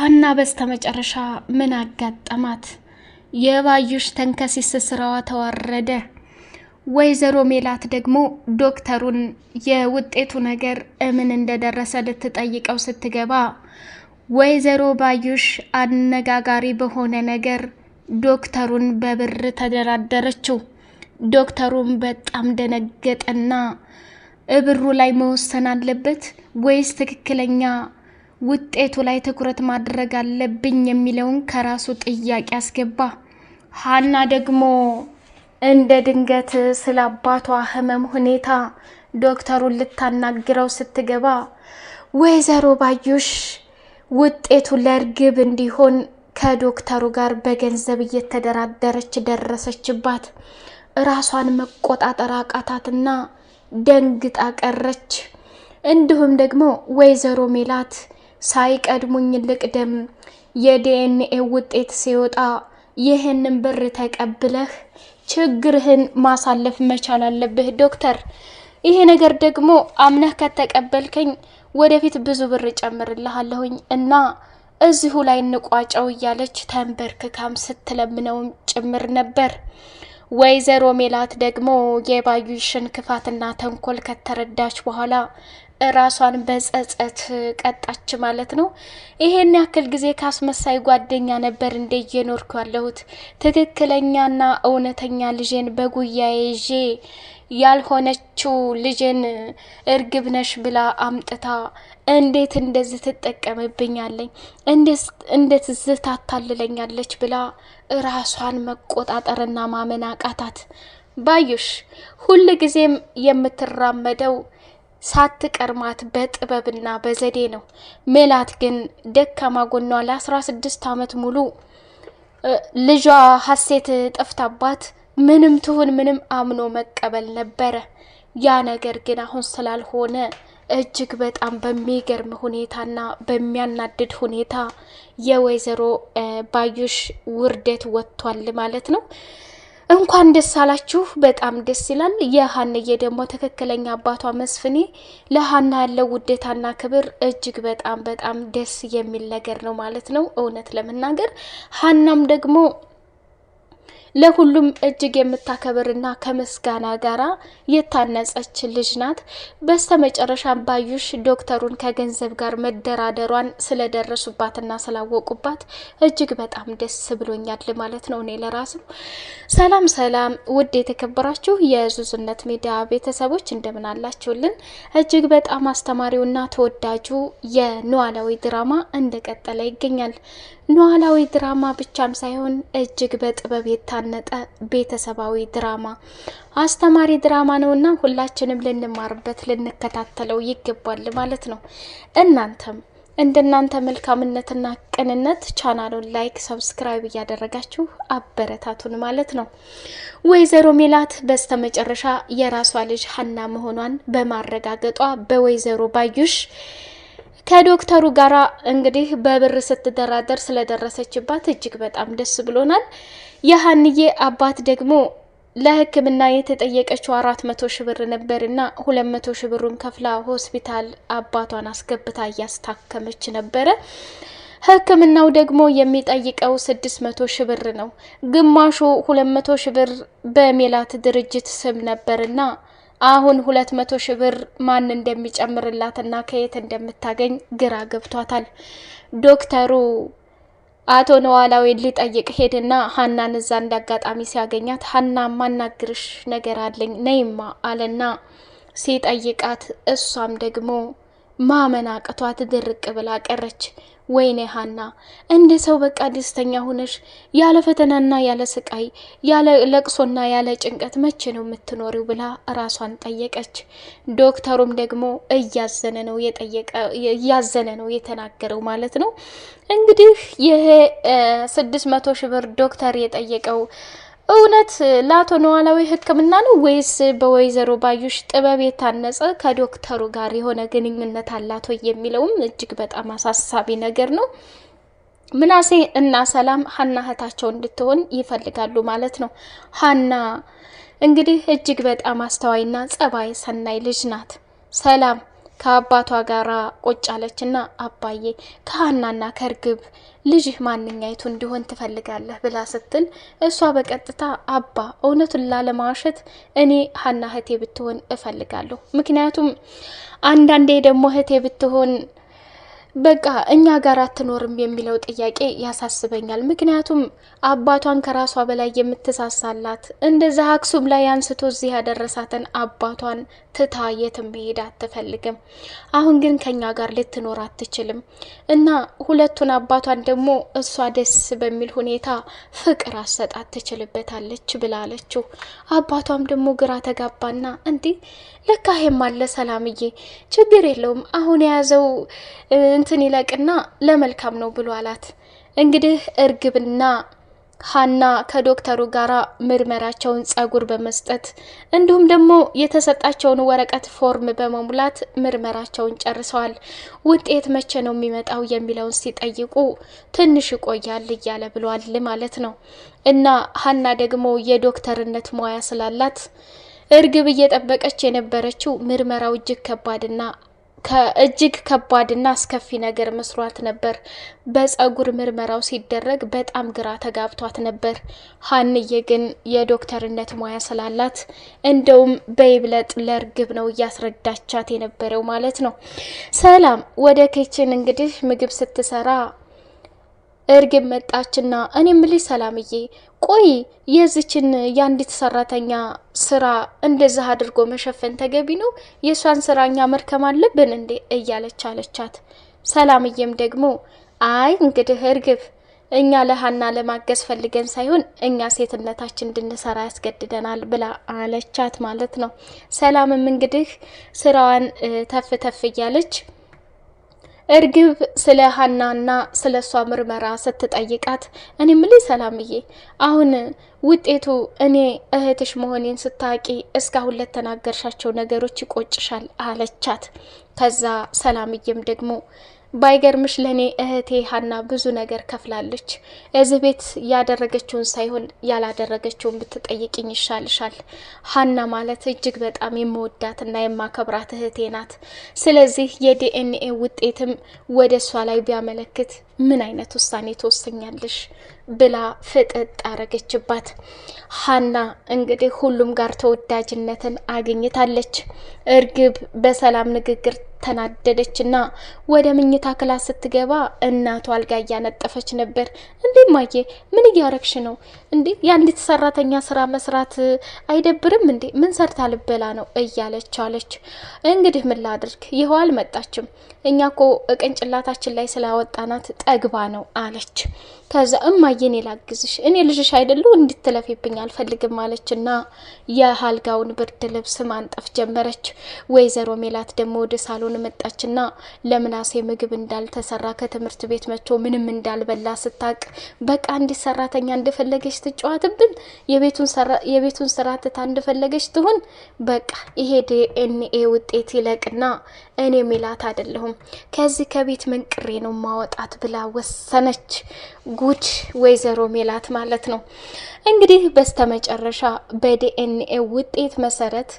ሀና በስተመጨረሻ ምን አጋጠማት? የባዩሽ ተንከሲስ ስራዋ ተዋረደ። ወይዘሮ ሜላት ደግሞ ዶክተሩን የውጤቱ ነገር እምን እንደደረሰ ልትጠይቀው ስትገባ ወይዘሮ ባዩሽ አነጋጋሪ በሆነ ነገር ዶክተሩን በብር ተደራደረችው። ዶክተሩን በጣም ደነገጠና እብሩ ላይ መወሰን አለበት ወይስ ትክክለኛ ውጤቱ ላይ ትኩረት ማድረግ አለብኝ የሚለውን ከራሱ ጥያቄ አስገባ። ሀና ደግሞ እንደ ድንገት ስለ አባቷ ህመም ሁኔታ ዶክተሩን ልታናግረው ስትገባ ወይዘሮ ባዩሽ ውጤቱ ለእርግብ እንዲሆን ከዶክተሩ ጋር በገንዘብ እየተደራደረች ደረሰችባት። ራሷን መቆጣጠር አቃታትና ደንግጣ ቀረች። እንዲሁም ደግሞ ወይዘሮ ሜላት ሳይቀድሙኝ ልቅደም። የዲኤንኤ ውጤት ሲወጣ ይህንን ብር ተቀብለህ ችግርህን ማሳለፍ መቻል አለብህ ዶክተር። ይሄ ነገር ደግሞ አምነህ ከተቀበልከኝ ወደፊት ብዙ ብር ጨምርልሃለሁኝ እና እዚሁ ላይ እንቋጨው እያለች ተንበርክካም ስትለምነውም ጭምር ነበር። ወይዘሮ ሜላት ደግሞ የባዩሽን ክፋትና ተንኮል ከተረዳች በኋላ ራሷን በጸጸት ቀጣች ማለት ነው። ይሄን ያክል ጊዜ ካስመሳይ ጓደኛ ነበር እንደ እየኖርኩ ያለሁት ትክክለኛና እውነተኛ ልጄን በጉያዬ ይዤ ያልሆነችው ልጄን እርግብ ነሽ ብላ አምጥታ እንዴት እንደዚህ ትጠቀምብኛለኝ? እንዴት ዝህ ታታልለኛለች ብላ ራሷን መቆጣጠርና ማመን አቃታት። ባዩሽ ጊዜም የምትራመደው ሳትቀርማት በጥበብና በዘዴ ነው። ሜላት ግን ደካማ ጎኗ ለ16 ዓመት ሙሉ ልጇ ሀሴት ጠፍታባት ምንም ትሁን ምንም አምኖ መቀበል ነበረ። ያ ነገር ግን አሁን ስላልሆነ እጅግ በጣም በሚገርም ሁኔታና በሚያናድድ ሁኔታ የወይዘሮ ባዩሽ ውርደት ወጥቷል ማለት ነው። እንኳን ደስ አላችሁ። በጣም ደስ ይላል። የሀንዬ ደግሞ ትክክለኛ አባቷ መስፍኔ ለሀና ያለው ውዴታና ክብር እጅግ በጣም በጣም ደስ የሚል ነገር ነው ማለት ነው። እውነት ለመናገር ሀናም ደግሞ ለሁሉም እጅግ የምታከብርና ከምስጋና ጋር የታነጸች ልጅ ናት። በስተመጨረሻም ባዩሽ ዶክተሩን ከገንዘብ ጋር መደራደሯን ስለደረሱባትና ስላወቁባት እጅግ በጣም ደስ ብሎኛል ማለት ነው። እኔ ለራሱ ሰላም ሰላም። ውድ የተከበራችሁ የዙዝነት ሚዲያ ቤተሰቦች እንደምን አላችሁልን? እጅግ በጣም አስተማሪውና ተወዳጁ የኖላዊ ድራማ እንደቀጠለ ይገኛል። ኖላዊ ድራማ ብቻም ሳይሆን እጅግ በጥበብ የታነጠ ቤተሰባዊ ድራማ አስተማሪ ድራማ ነውና ሁላችንም ልንማርበት ልንከታተለው ይገባል ማለት ነው። እናንተም እንደናንተ መልካምነትና ቅንነት ቻናሉን ላይክ፣ ሰብስክራይብ እያደረጋችሁ አበረታቱን ማለት ነው። ወይዘሮ ሜላት በስተመጨረሻ የራሷ ልጅ ሀና መሆኗን በማረጋገጧ በወይዘሮ ባዩሽ ከዶክተሩ ጋር እንግዲህ በብር ስትደራደር ስለደረሰችባት እጅግ በጣም ደስ ብሎናል። የሀንዬ አባት ደግሞ ለሕክምና የተጠየቀችው አራት መቶ ሺህ ብር ነበር እና ሁለት መቶ ሺህ ብሩን ከፍላ ሆስፒታል አባቷን አስገብታ እያስታከመች ነበረ። ሕክምናው ደግሞ የሚጠይቀው ስድስት መቶ ሽብር ብር ነው። ግማሹ ሁለት መቶ ሺህ ብር በሜላት ድርጅት ስም ነበርና አሁን ሁለት መቶ ሺህ ብር ማን እንደሚጨምርላትና ከየት እንደምታገኝ ግራ ገብቷታል። ዶክተሩ አቶ ነዋላዊን ሊጠይቅ ሄድና ሀናን እዛ እንዳጋጣሚ ሲያገኛት ሀና ማናግርሽ ነገር አለኝ ነይማ አለና ሲጠይቃት እሷም ደግሞ ማመን አቅቷት ድርቅ ብላ ቀረች። ወይኔ ሀና እንደ ሰው በቃ ደስተኛ ሆነሽ ያለ ፈተናና ያለ ስቃይ ያለ ለቅሶና ያለ ጭንቀት መቼ ነው የምትኖሪው ብላ ራሷን ጠየቀች። ዶክተሩም ደግሞ እያዘነ ነው የጠየቀ እያዘነ ነው የተናገረው ማለት ነው። እንግዲህ ይሄ ስድስት መቶ ሺህ ብር ዶክተር የጠየቀው እውነት ለአቶ ኖላዊ ሕክምና ነው ወይስ በወይዘሮ ባዩሽ ጥበብ የታነጸ ከዶክተሩ ጋር የሆነ ግንኙነት አላቶ የሚለውም እጅግ በጣም አሳሳቢ ነገር ነው። ምናሴ እና ሰላም ሀና እህታቸው እንድትሆን ይፈልጋሉ ማለት ነው። ሀና እንግዲህ እጅግ በጣም አስተዋይና ጸባይ ሰናይ ልጅ ናት። ሰላም ከአባቷ ጋር ቁጭ አለችና አባዬ ከሀናና ከእርግብ ልጅህ ማንኛይቱ እንዲሆን ትፈልጋለህ ብላ ስትል እሷ በቀጥታ አባ እውነቱን ላለማዋሸት እኔ ሀና እህቴ ብትሆን እፈልጋለሁ። ምክንያቱም አንዳንዴ ደግሞ እህቴ ብትሆን በቃ እኛ ጋር አትኖርም የሚለው ጥያቄ ያሳስበኛል። ምክንያቱም አባቷን ከራሷ በላይ የምትሳሳላት እንደዛ አክሱም ላይ አንስቶ እዚህ ያደረሳትን አባቷን ትታ የትም መሄድ አትፈልግም። አሁን ግን ከኛ ጋር ልትኖር አትችልም እና ሁለቱን አባቷን ደግሞ እሷ ደስ በሚል ሁኔታ ፍቅር አሰጣት ትችልበታለች ብላለችው። አባቷም ደግሞ ግራ ተጋባና እንዲህ ለካ ሄም አለ ሰላምዬ፣ ችግር የለውም አሁን የያዘው እንትን ይለቅና ለመልካም ነው ብሎ አላት። እንግዲህ እርግብና ሀና ከዶክተሩ ጋር ምርመራቸውን ጸጉር በመስጠት እንዲሁም ደግሞ የተሰጣቸውን ወረቀት ፎርም በመሙላት ምርመራቸውን ጨርሰዋል። ውጤት መቼ ነው የሚመጣው የሚለውን ሲጠይቁ ትንሽ ይቆያል እያለ ብሏል ማለት ነው። እና ሀና ደግሞ የዶክተርነት ሙያ ስላላት እርግብ እየጠበቀች የነበረችው ምርመራው እጅግ ከባድና ከእጅግ ከባድና አስከፊ ነገር መስሯት ነበር። በፀጉር ምርመራው ሲደረግ በጣም ግራ ተጋብቷት ነበር። ሀንዬ ግን የዶክተርነት ሙያ ስላላት እንደውም በይብለጥ ለእርግብ ነው እያስረዳቻት የነበረው ማለት ነው። ሰላም ወደ ኬችን እንግዲህ ምግብ ስትሰራ እርግብ መጣችና እኔ ምልሽ ሰላምዬ፣ ቆይ የዚችን የአንዲት ሰራተኛ ስራ እንደዚህ አድርጎ መሸፈን ተገቢ ነው? የእሷን ስራ እኛ መርከም አለብን እንዴ? እያለች አለቻት። ሰላምዬም ደግሞ አይ እንግዲህ እርግብ እኛ ለሀና ለማገዝ ፈልገን ሳይሆን እኛ ሴትነታችን እንድንሰራ ያስገድደናል ብላ አለቻት ማለት ነው። ሰላምም እንግዲህ ስራዋን ተፍ ተፍ እያለች እርግብ ስለ ሀናና ስለ እሷ ምርመራ ስትጠይቃት እኔ የምልሽ ሰላምዬ፣ አሁን ውጤቱ እኔ እህትሽ መሆኔን ስታቂ እስካሁን ለተናገርሻቸው ነገሮች ይቆጭሻል አለቻት። ከዛ ሰላምዬም ደግሞ ባይገርምሽ ለእኔ እህቴ ሀና ብዙ ነገር ከፍላለች። እዚህ ቤት ያደረገችውን ሳይሆን ያላደረገችውን ብትጠይቅኝ ይሻልሻል። ሀና ማለት እጅግ በጣም የምወዳትና የማከብራት እህቴ ናት። ስለዚህ የዲኤንኤ ውጤትም ወደ እሷ ላይ ቢያመለክት ምን አይነት ውሳኔ ትወሰኛለሽ? ብላ ፍጥጥ አረገችባት። ሀና እንግዲህ ሁሉም ጋር ተወዳጅነትን አግኝታለች። እርግብ በሰላም ንግግር ተናደደችና ወደ ምኝታ ክላስ ስትገባ እናቷ አልጋ እያነጠፈች ነበር። እንዴ ማዬ፣ ምን እያረግሽ ነው እንዴ? የአንዲት ሰራተኛ ስራ መስራት አይደብርም እንዴ? ምን ሰርታ ልበላ ነው እያለች አለች። እንግዲህ ምን ላድርግ፣ ይኸው አልመጣችም። እኛ ኮ ቅንጭላታችን ላይ ስላወጣናት ጠግባ ነው አለች። ከዛ እማዬን የላግዝሽ እኔ ልጅሽ አይደሉ እንድትለፊብኝ አልፈልግም አለችና የአልጋውን ብርድ ልብስ ማንጠፍ ጀመረች። ወይዘሮ ሜላት ደግሞ ወደ ሳሎን ጥላውን መጣችና ለምናሴ ምግብ እንዳልተሰራ ከትምህርት ቤት መጥቶ ምንም እንዳልበላ ስታቅ በቃ አንዲት ሰራተኛ እንደፈለገች ትጫዋትብን፣ የቤቱን ስራ ትታ እንደፈለገች ትሁን። በቃ ይሄ ዲኤንኤ ውጤት ይለቅና እኔ ሚላት አይደለሁም ከዚህ ከቤት መንቅሬ ነው ማወጣት ብላ ወሰነች። ጉድ ወይዘሮ ሜላት ማለት ነው። እንግዲህ በስተመጨረሻ በዲኤንኤ ውጤት መሰረት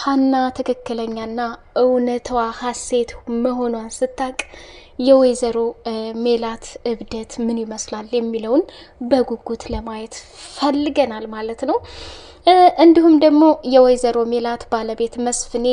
ሀና ትክክለኛና እውነቷ ሀሴት መሆኗን ስታቅ የወይዘሮ ሜላት እብደት ምን ይመስላል የሚለውን በጉጉት ለማየት ፈልገናል ማለት ነው። እንዲሁም ደግሞ የወይዘሮ ሜላት ባለቤት መስፍኔ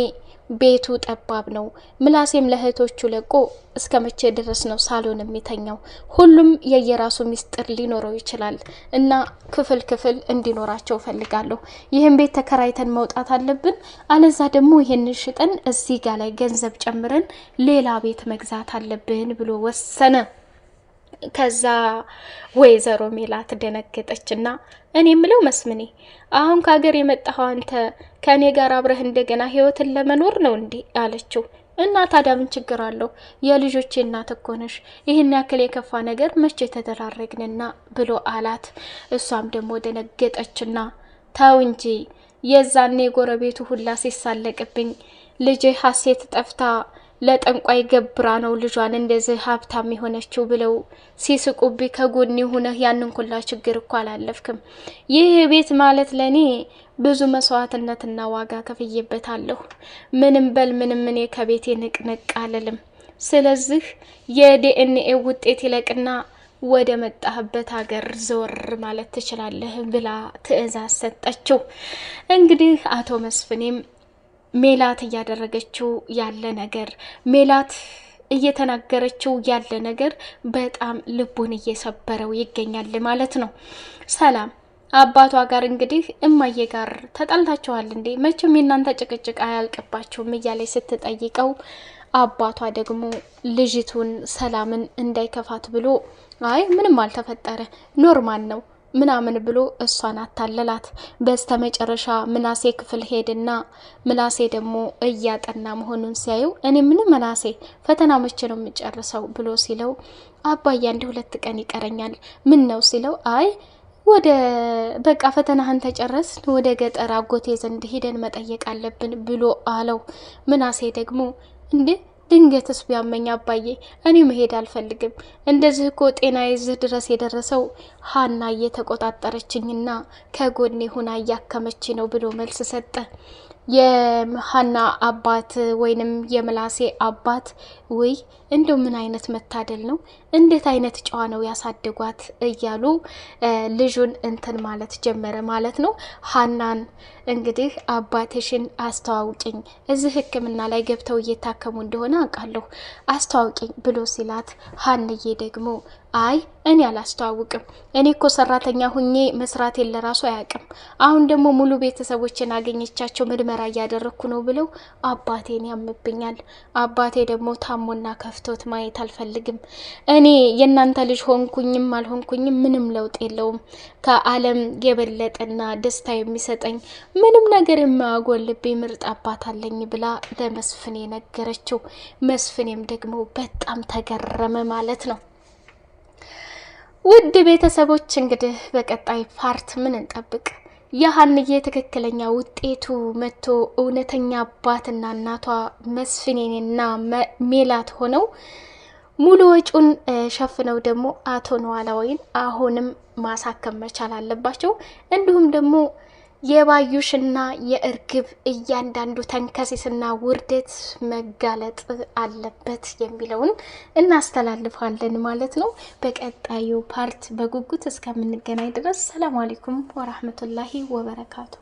ቤቱ ጠባብ ነው። ምላሴም ለእህቶቹ ለቆ እስከ መቼ ድረስ ነው ሳሎን የሚተኛው? ሁሉም የየራሱ ሚስጥር ሊኖረው ይችላል እና ክፍል ክፍል እንዲኖራቸው ፈልጋለሁ። ይህን ቤት ተከራይተን መውጣት አለብን፣ አለዛ ደግሞ ይህንን ሽጠን እዚህ ጋ ላይ ገንዘብ ጨምረን ሌላ ቤት መግዛት አለብን ብሎ ወሰነ። ከዛ ወይዘሮ ሜላት ደነገጠች እና እኔ የምለው መስምኔ አሁን ከሀገር የመጣኸው አንተ ከእኔ ጋር አብረህ እንደገና ህይወትን ለመኖር ነው እንዴ? አለችው እና ታዲያ ምን ችግር አለው? የልጆቼ እናት እኮ ነሽ። ይህን ያክል የከፋ ነገር መቼ ተደራረግንና ብሎ አላት። እሷም ደግሞ ደነገጠችና ተው እንጂ የዛኔ ጎረቤቱ ሁላ ሲሳለቅብኝ ልጄ ሀሴት ጠፍታ ለጠንቋይ ገብራ ነው ልጇን እንደዚህ ሀብታም የሆነችው ብለው ሲስቁብ ከጎኔ ሆነህ ያንን ኩላ ችግር እኮ አላለፍክም። ይህ ቤት ማለት ለእኔ ብዙ መስዋዕትነትና ዋጋ ከፍዬበታለሁ። ምንም በል ምንም እኔ ከቤቴ ንቅንቅ አልልም። ስለዚህ የዲኤንኤ ውጤት ይለቅና ወደ መጣህበት ሀገር ዞር ማለት ትችላለህ ብላ ትዕዛዝ ሰጠችው። እንግዲህ አቶ መስፍኔም ሜላት እያደረገችው ያለ ነገር ሜላት እየተናገረችው ያለ ነገር በጣም ልቡን እየሰበረው ይገኛል ማለት ነው። ሰላም አባቷ ጋር እንግዲህ እማዬ ጋር ተጣልታችኋል እንዴ? መቼም የእናንተ ጭቅጭቅ አያልቅባችሁም እያለች ስትጠይቀው አባቷ ደግሞ ልጅቱን ሰላምን እንዳይከፋት ብሎ አይ ምንም አልተፈጠረ ኖርማል ነው ምናምን ብሎ እሷን አታለላት። በስተ መጨረሻ ምናሴ ክፍል ሄድና ምናሴ ደግሞ እያጠና መሆኑን ሲያዩ እኔ ምን ምናሴ ፈተና መቼ ነው የምጨርሰው ብሎ ሲለው አባዬ አንድ ሁለት ቀን ይቀረኛል ምን ነው ሲለው አይ ወደ በቃ ፈተናህን ተጨረስ ወደ ገጠር አጎቴ ዘንድ ሄደን መጠየቅ አለብን ብሎ አለው። ምናሴ ደግሞ እንዴ ድንገትስ ቢያመኝ አባዬ፣ እኔ መሄድ አልፈልግም። እንደዚህ እኮ ጤና ይዝህ ድረስ የደረሰው ሀና እየተቆጣጠረችኝና ከጎኔ ሁና እያከመች ነው ብሎ መልስ ሰጠ። የሀና አባት ወይንም የምላሴ አባት ውይ እንደው ምን አይነት መታደል ነው! እንዴት አይነት ጨዋ ነው ያሳደጓት እያሉ ልጁን እንትን ማለት ጀመረ ማለት ነው። ሀናን እንግዲህ አባትሽን አስተዋውቂኝ፣ እዚህ ሕክምና ላይ ገብተው እየታከሙ እንደሆነ አውቃለሁ፣ አስተዋውቂኝ ብሎ ሲላት ሀንዬ ደግሞ አይ እኔ አላስተዋውቅም። እኔ እኮ ሰራተኛ ሁኜ መስራቴን ለራሱ አያውቅም። አሁን ደግሞ ሙሉ ቤተሰቦችን አገኘቻቸው ምርመራ እያደረግኩ ነው ብለው አባቴን ያምብኛል። አባቴ ደግሞ ታሞና ከፍቶት ማየት አልፈልግም። እኔ የእናንተ ልጅ ሆንኩኝም አልሆንኩኝም ምንም ለውጥ የለውም። ከዓለም የበለጠና ደስታ የሚሰጠኝ ምንም ነገር የማያጎልብኝ ምርጥ አባት አለኝ ብላ ለመስፍኔ ነገረችው። መስፍኔም ደግሞ በጣም ተገረመ ማለት ነው። ውድ ቤተሰቦች እንግዲህ በቀጣይ ፓርት ምን እንጠብቅ? የሀንዬ ትክክለኛ ውጤቱ መጥቶ እውነተኛ አባትና እናቷ መስፍኔና ሜላት ሆነው ሙሉ ወጪውን ሸፍነው ደግሞ አቶ ኖላዊን አሁንም ማሳከም መቻል አለባቸው። እንዲሁም ደግሞ የባዩሽና የእርግብ እያንዳንዱ ተንከሴስና ውርደት መጋለጥ አለበት የሚለውን እናስተላልፋለን ማለት ነው። በቀጣዩ ፓርት በጉጉት እስከምንገናኝ ድረስ ሰላም አለይኩም ወራህመቱላሂ ወበረካቱ።